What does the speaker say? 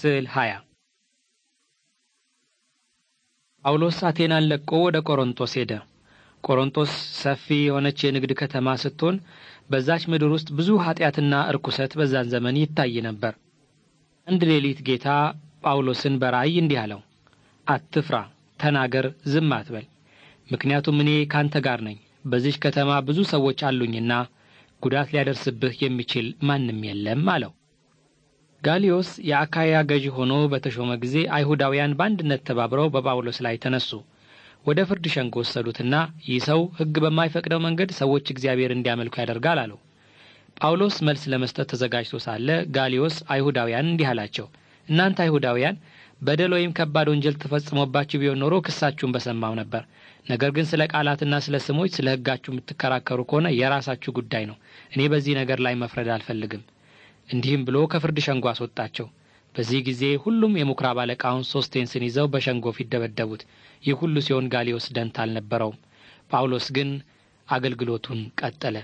ስዕል 20 ጳውሎስ አቴናን ለቆ ወደ ቆሮንቶስ ሄደ። ቆሮንቶስ ሰፊ የሆነች የንግድ ከተማ ስትሆን በዛች ምድር ውስጥ ብዙ ኃጢአትና እርኩሰት በዛን ዘመን ይታይ ነበር። አንድ ሌሊት ጌታ ጳውሎስን በራእይ እንዲህ አለው፣ አትፍራ፣ ተናገር፣ ዝም አትበል። ምክንያቱም እኔ ካንተ ጋር ነኝ። በዚች ከተማ ብዙ ሰዎች አሉኝና ጉዳት ሊያደርስብህ የሚችል ማንም የለም አለው። ጋሊዮስ የአካያ ገዢ ሆኖ በተሾመ ጊዜ አይሁዳውያን በአንድነት ተባብረው በጳውሎስ ላይ ተነሱ። ወደ ፍርድ ሸንጎ ወሰዱትና ይህ ሰው ሕግ በማይፈቅደው መንገድ ሰዎች እግዚአብሔር እንዲያመልኩ ያደርጋል አለው። ጳውሎስ መልስ ለመስጠት ተዘጋጅቶ ሳለ ጋሊዮስ አይሁዳውያን እንዲህ አላቸው፣ እናንተ አይሁዳውያን በደል ወይም ከባድ ወንጀል ተፈጽሞባችሁ ቢሆን ኖሮ ክሳችሁን በሰማው ነበር። ነገር ግን ስለ ቃላትና ስለ ስሞች፣ ስለ ሕጋችሁ የምትከራከሩ ከሆነ የራሳችሁ ጉዳይ ነው። እኔ በዚህ ነገር ላይ መፍረድ አልፈልግም። እንዲህም ብሎ ከፍርድ ሸንጎ አስወጣቸው። በዚህ ጊዜ ሁሉም የምኵራብ አለቃውን ሶስቴንስን ይዘው በሸንጎ ፊት ደበደቡት። ይህ ሁሉ ሲሆን ጋሊዮስ ደንታ አልነበረውም። ጳውሎስ ግን አገልግሎቱን ቀጠለ።